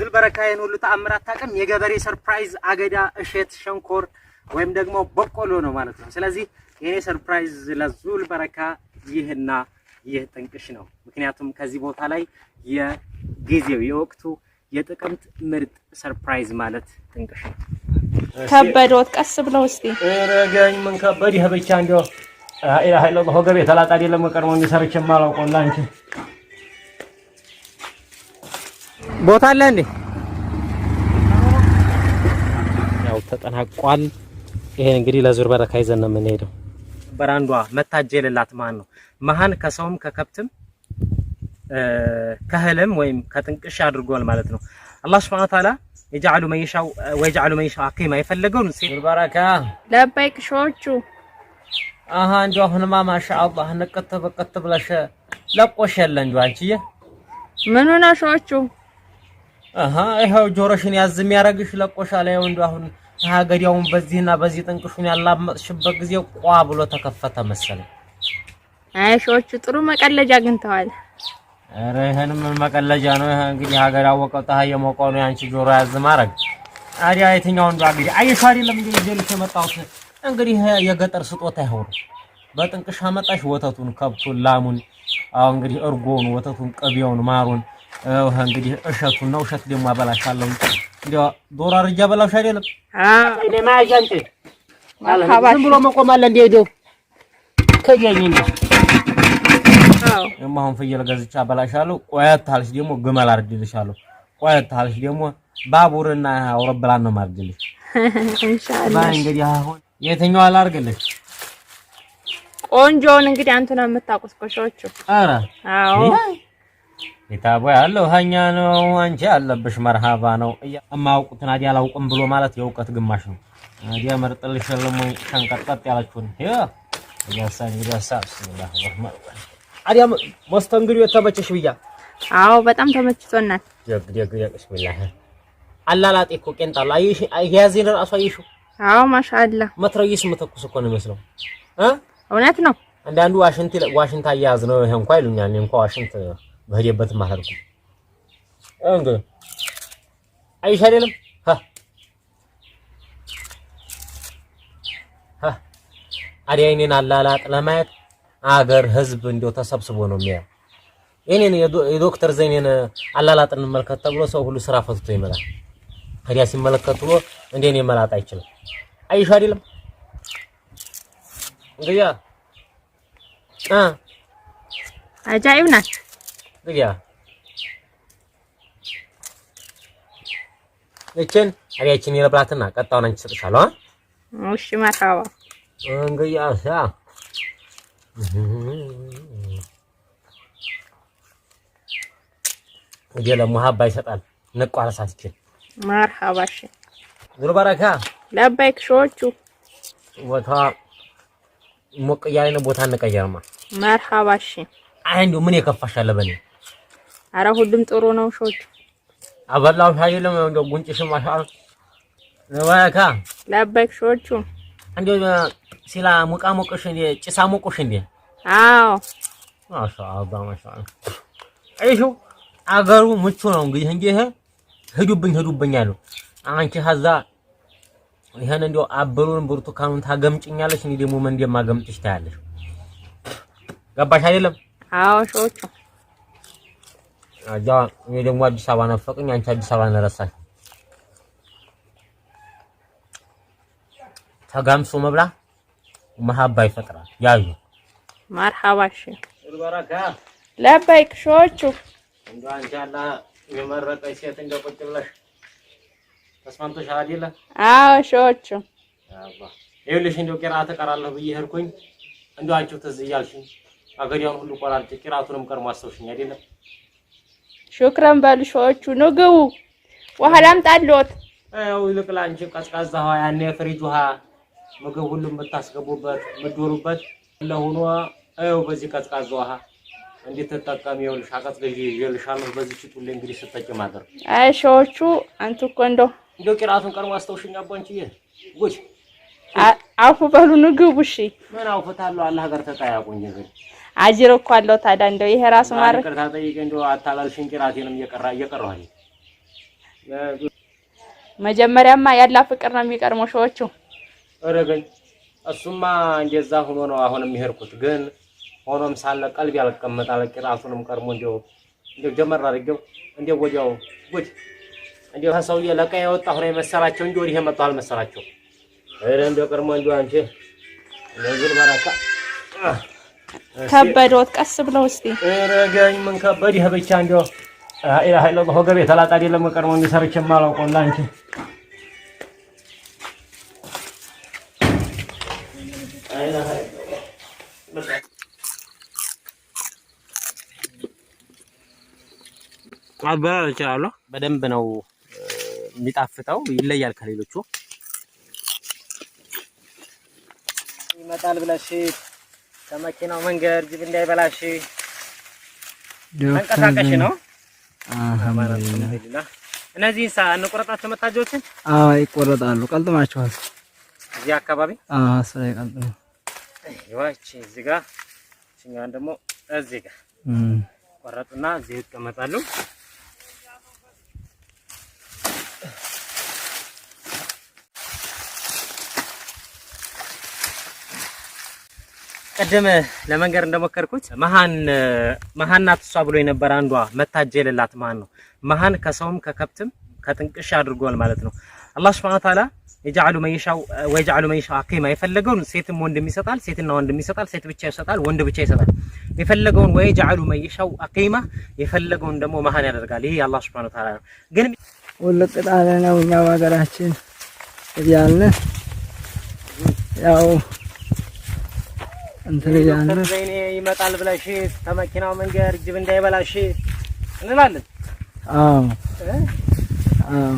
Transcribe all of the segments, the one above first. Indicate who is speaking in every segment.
Speaker 1: ዙልበረካ ይህን ሁሉ ተአምር አታውቅም። የገበሬ ሰርፕራይዝ አገዳ፣ እሸት፣ ሸንኮር ወይም ደግሞ በቆሎ ነው ማለት ነው። ስለዚህ የኔ ሰርፕራይዝ ለዙል በረካ ይህና ይህ ጥንቅሽ ነው። ምክንያቱም ከዚህ ቦታ ላይ የጊዜው የወቅቱ የጥቅምት ምርጥ ሰርፕራይዝ ማለት ጥንቅሽ ነው።
Speaker 2: ከበደ ቀስ ብለው እስቲ
Speaker 3: ረጋኝ ምን ከበድ ይህ ብቻ እንዲያው ኢላሀ ኢላላህ ወገቤ ተላጣ አይደለም ቀድሞ እንዲሰርች የማላውቀው ላንቺ ቦታ አለ እንዴ? ያው ተጠናቋል። ይሄን እንግዲህ ለዙር በረካ ይዘን ነው የምንሄደው።
Speaker 1: በራንዷ መታጀ መታጀልላት ማን ነው መሀን ከሰውም ከከብትም ከህልም ወይም ከጥንቅሽ አድርጓል ማለት ነው። አላህ ሱብሓነሁ ወተዓላ የጃሉ መይሻው ወይጃሉ መይሻው አከማ የፈለገውን ሲል
Speaker 4: በረካ
Speaker 2: ለባይክ ሾቹ
Speaker 4: አሀ እንጂ አሁንማ ማሻአላህ ነቀተ በቀተ ብለሽ ለቆሽ ያለ እንጂ አንቺዬ
Speaker 2: ምን ሆነ ሾቹ
Speaker 4: ይኸው ጆሮሽን ያዝ የሚያደርግሽ ለቆሻ ላይ ወንዱ አሁን ሀገሪያውን በዚህና በዚህ ጥንቅሹን ያላመጥሽበት ጊዜ ቋ ብሎ ተከፈተ መሰለኝ።
Speaker 2: አይ ሾቹ ጥሩ መቀለጃ አግኝተዋል።
Speaker 4: ኧረ ይሄን መቀለጃ ነው? ይሄ እንግዲህ ሀገር ያወቀው ፀሐይ የሞቀው ነው። ያንቺ ጆሮ ያዝ ማድረግ አዲያ የትኛው እንዷ አግዲ አየሽ አይደለም እንዴ ልጅ የመጣሁት እንግዲህ የገጠር ስጦታ ይሆኑ በጥንቅሽ አመጣሽ ወተቱን፣ ከብቱን፣ ላሙን አሁን እንግዲህ እርጎውን፣ ወተቱን፣ ቅቤውን፣ ማሩን እንግዲህ እሸቱን ነው። እሸት ደግሞ አበላሻለሁ። እንዲያው ዶሮ አርጃ አበላሽ አይደለም።
Speaker 2: ዝም
Speaker 3: ብሎ መቆም አለ። እንዲሄደው ከያኝ
Speaker 4: ደግሞ አሁን ፍየል ገዝቼ አበላሻለሁ። ቆየት ታልሽ ደግሞ ግመል አርድልሻለሁ። ቆየት ታልሽ ደግሞ ባቡርና አውሮፕላን ነው የማርድልሽ። ኢንሻአላህ እንግዲህ አሁን የትኛው አላርግልሽ?
Speaker 2: ቆንጆውን እንግዲህ አንተና የምታቆስቆሻዎቹ። ኧረ አዎ
Speaker 4: ጌታቦይ ያለው ሀኛ ነው አንቺ ያለብሽ መርሃባ ነው። የማያውቁትን አዲያ አላውቅም ብሎ ማለት የእውቀት ግማሽ ነው። አዲያ መርጥልሽ ለሙ ተንቀጥቀጥ ያላችሁን ይሄ ያሳኝ ይደሳ ቢስሚላህ ወርህማን አዲያ መስተንግዶ የተመቸሽ ብያ።
Speaker 2: አዎ በጣም ተመችቶናል።
Speaker 4: ደግ ደግ ደግ ቢስሚላህ አላላጤ እኮ ቄንጣላ አይሽ ያዚን ራሱ አይሽ።
Speaker 2: አዎ ማሻአላ
Speaker 4: መትረይስ መተኩስ እኮ ነው የሚመስለው። እውነት ነው። አንዳንዱ ዋሽንት ዋሽንት አያያዝ ነው። ይሄ እንኳን ይሉኛል። እንኳን ዋሽንት መሄድበትም አላልኩም። እንግዲህ አይሽ አይደለም አዲያ እኔን አላላጥ ለማየት አገር ህዝብ እንዲያው ተሰብስቦ ነው የሚያየው። እኔን የዶክተር ዘይኔን አላላጥ እንመልከት ተብሎ ሰው ሁሉ ስራ ፈትቶ ይመላል። ታዲያ ሲመለከት ብሎ እንደ እኔ መላጥ አይችልም። አይሻ አይደለም እንግዲህ አ አጃኢብ ናት። እያ እቺን አሪያችን ይረብላትና ቀጣውን አንቺ ሰጥሻለሁ።
Speaker 2: እሺ መርሃባ
Speaker 4: እንግዲህ አሳ እንግዲህ ለሙሀባ ይሰጣል። ነቋል ሳትችን
Speaker 2: መርሃባ እሺ ዙር በረካ ለባይክ ሾቹ
Speaker 4: ቦታ ሞቅ እያለ ነው። ቦታ እንቀየርማ
Speaker 2: መርሃባ እሺ።
Speaker 4: አይ እንደው ምን የከፋሻል በኔ
Speaker 2: አረ ሁሉም ጥሩ ነው። ሾቹ
Speaker 4: አበላው አይልም እንደው ጉንጭሽ ማሻአል ለባካ
Speaker 2: ለበክ ሾቹ
Speaker 4: እንደው ሲላ ሙቃ ሙቁሽ እንዴ ጭሳ ሙቁሽ እንዴ? አዎ ማሻአላ ማሻአላ። አይሹ አገሩ ምቹ ነው እንግዲህ እንጂ ይሄ ሂዱብኝ ሂዱብኝ አሉ። አንቺ ሀዛ ይሄን እንደው አበሉን ብርቱካኑን ታገምጭኛለሽ፣ እኔ ደግሞ ምን እንደማገምጥሽ ታያለሽ። ገባሽ አይደለም? አዎ ሾቹ አጃ እኔ ደግሞ አዲስ አበባ ናፈቀኝ፣ አንቺ አዲስ አበባ ነረሳኝ። ተጋምሶ መብላ መሀባ ይፈጥራል። ያዩ
Speaker 2: ማርሃባሽ ለበይክ ሾቹ
Speaker 1: እንደው አንቺ አላ የመረቀኝ ሴት እንደው ቁጭ ብለሽ ተስማምቶሽ አይደለ?
Speaker 2: አዎ ሾቹ
Speaker 1: ይኸውልሽ እንደው ቂራአት እቀራለሁ ብዬ ሄድኩኝ። እንደው አንቺው ትዝ እያልሽኝ አገሪያውን ሁሉ ቆራርጬ ቂራቱንም ቀድሞ አስተውሽኝ አይደለም
Speaker 2: ሹክረን በሉ ሾዎቹ ነው ግቡ። ውሃ ላምጣልዎት።
Speaker 4: ያው ይልቅ ላንቺ ቀዝቃዛ ውሃ ያኔ የፍሪጅ ውሃ ምግብ ሁሉም የምታስገቡበት የምትዶሩበት ለሆኖ ያው በዚህ ቀዝቃዛ ውሃ እንድትጠቀም ይኸውልሽ፣ አቀዝቅዤ ይዤልሻለሁ። በዚህ ጭጡል እንግዲህ ስትጠጪ ማድረግ
Speaker 2: አይ ሾዎቹ አንቱ እኮ እንደው
Speaker 4: እንደው ቂራቱን ቀድሞ አስተውሽኛ አባንቺዬ ጉድ
Speaker 2: አፉ በሉ ንግቡ። እሺ
Speaker 4: ምን አውፍታለሁ አላህ ጋር ተጠያቁ እንጂ
Speaker 2: አጅር እኮ አለው ታዲያ። እንደው ይሄ ራሱ ማለት
Speaker 4: ይቅርታ ጠይቄ እንደው አታላልሽኝ ጭራቴንም እየቀራ እየቀረሁ
Speaker 2: መጀመሪያማ ያላ ፍቅር ነው የሚቀርመው ሾዎቹ
Speaker 4: እረገኝ። እሱማ እንደዛ ሆኖ ነው አሁንም የሄድኩት። ግን ሆኖም ሳለ ቀልብ ያልቀመጣ ጭራቱንም ቀርሞ እንደው እንደው ጀመር አድርጌው እንደው ወዲያው ጉድ እንደው ከሰውዬ ለቃ የወጣ ሆነ የመሰላቸው እንጂ ወዲህ የመጣሁ አልመሰላቸው። ኧረ እንደው ቀርሞ እንደው አንቺ እንደው ዝል በራካ
Speaker 2: ከበዶት ቀስ ብለው እስቲ
Speaker 3: ረጋኝ። ምን ከበድ ይሄ ብቻ እንደው ኢላህ ኢላላህ ወገብ ተላጣ አይደለም ቀድሞ እንዲሰርች የማላውቀው ላንቺ
Speaker 4: አበላል እችላለሁ። በደንብ ነው የሚጣፍጠው። ይለያል ከሌሎቹ
Speaker 1: ይመጣል ብለሽ ከመኪናው መንገድ ጅብ እንዳይበላሽ ተንቀሳቀሽ ነው።
Speaker 3: አልሐምዱሊላህ
Speaker 1: እነዚህ ሳ እንቆረጣቸው መታጃዎችን?
Speaker 3: አዎ ይቆረጣሉ። ቀልጥማቸዋል። እዚህ አካባቢ አዎ ስለይ ቀልጥሙ
Speaker 1: ይዋቺ እዚህ ጋር እኛን ደግሞ እዚህ ጋር ቆረጡና እዚህ ይቀመጣሉ። ቅድም ለመንገር እንደሞከርኩት መሀን መሀን ናት እሷ ብሎ የነበረ አንዷ መታጀ የሌላት መሀን ነው። መሀን ከሰውም ከከብትም ከጥንቅሽ አድርጓል ማለት ነው። አላህ ሱብሐነሁ ወተዓላ የጃሉ መይሻው ወይጃሉ መይሻው አከማ የፈለገውን ሴትም ወንድም ይሰጣል፣ ሴትና ወንድም ይሰጣል፣ ሴት ብቻ ይሰጣል፣ ወንድ ብቻ ይሰጣል። የፈለገውን ወይጃሉ መይሻው አከማ የፈለገውን ደግሞ መሀን ያደርጋል። ይሄ አላህ ሱብሐነሁ ወተዓላ ነው። ግን
Speaker 3: ውልቅ ጣለ ነው እኛ ሀገራችን ያው ዶክተር
Speaker 1: ይመጣል ብለሽ ከመኪናው መንገድ ጅብ እንዳይበላሽ እንላለን።
Speaker 3: አዎ አዎ፣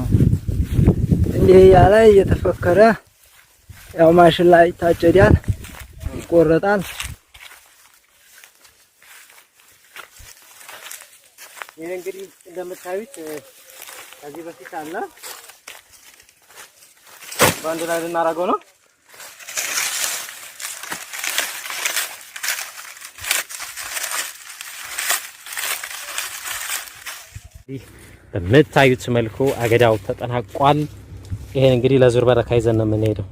Speaker 3: እንዲህ እያለ እየተፈከረ ያው ማሽን ላይ ይታጨዳል፣ ይቆረጣል።
Speaker 1: ይህ እንግዲህ እንደምታዩት ከዚህ በፊት አለ በአንድ ላይ ልናደርገው ነው።
Speaker 4: እንግዲህ በምታዩት መልኩ አገዳው ተጠናቋል። ይሄን እንግዲህ ለዙር በረካ ይዘን ነው የምንሄደው።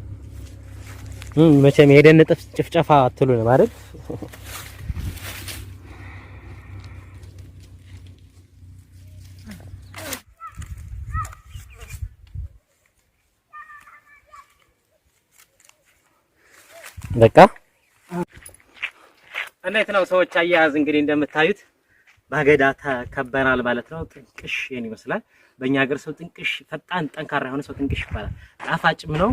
Speaker 4: መቼም የሄደን ጭፍጨፋ አትሉንም ማለት በቃ
Speaker 1: እንዴት ነው ሰዎች አያያዝ እንግዲህ እንደምታዩት በአገዳ ተከበናል ማለት ነው። ጥንቅሽ ይሄን ይመስላል። በእኛ ሀገር ሰው ጥንቅሽ ፈጣን፣ ጠንካራ የሆነ ሰው ጥንቅሽ ይባላል። ጣፋጭም ነው።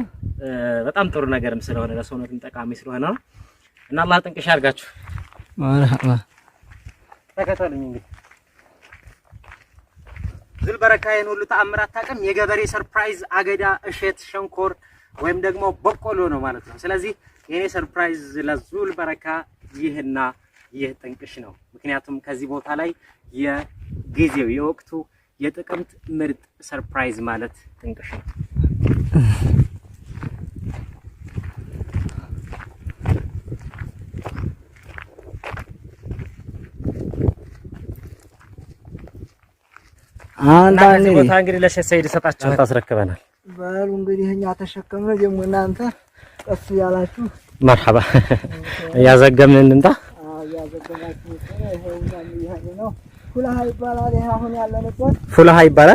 Speaker 1: በጣም ጥሩ ነገርም ስለሆነ ለሰውነትም ጠቃሚ ስለሆነ ነው እና አላህ ጥንቅሽ አድርጋችሁ ማርሃባ ተከተሉኝ እንግዲህ ዝል ዙልበረካዬን ሁሉ ተአምራት አታውቅም። የገበሬ ሰርፕራይዝ አገዳ፣ እሸት፣ ሸንኮር ወይም ደግሞ በቆሎ ነው ማለት ነው። ስለዚህ የኔ ሰርፕራይዝ በረካ ይህና ይህ ጥንቅሽ ነው። ምክንያቱም ከዚህ ቦታ ላይ የጊዜው የወቅቱ የጥቅምት ምርጥ ሰርፕራይዝ ማለት ጥንቅሽ ነው።
Speaker 4: አንተ ቦታ
Speaker 1: እንግዲህ ለሸሰይድ ሰይድ ሰጣችሁ
Speaker 4: ታስረክበናል።
Speaker 3: በሉ እንግዲህ እኛ ተሸከምነ ደግሞ እናንተ ቀስ ያላችሁ
Speaker 4: መርሐባ ያዘገምን እንምጣ
Speaker 3: ፉለሃ ይባላል።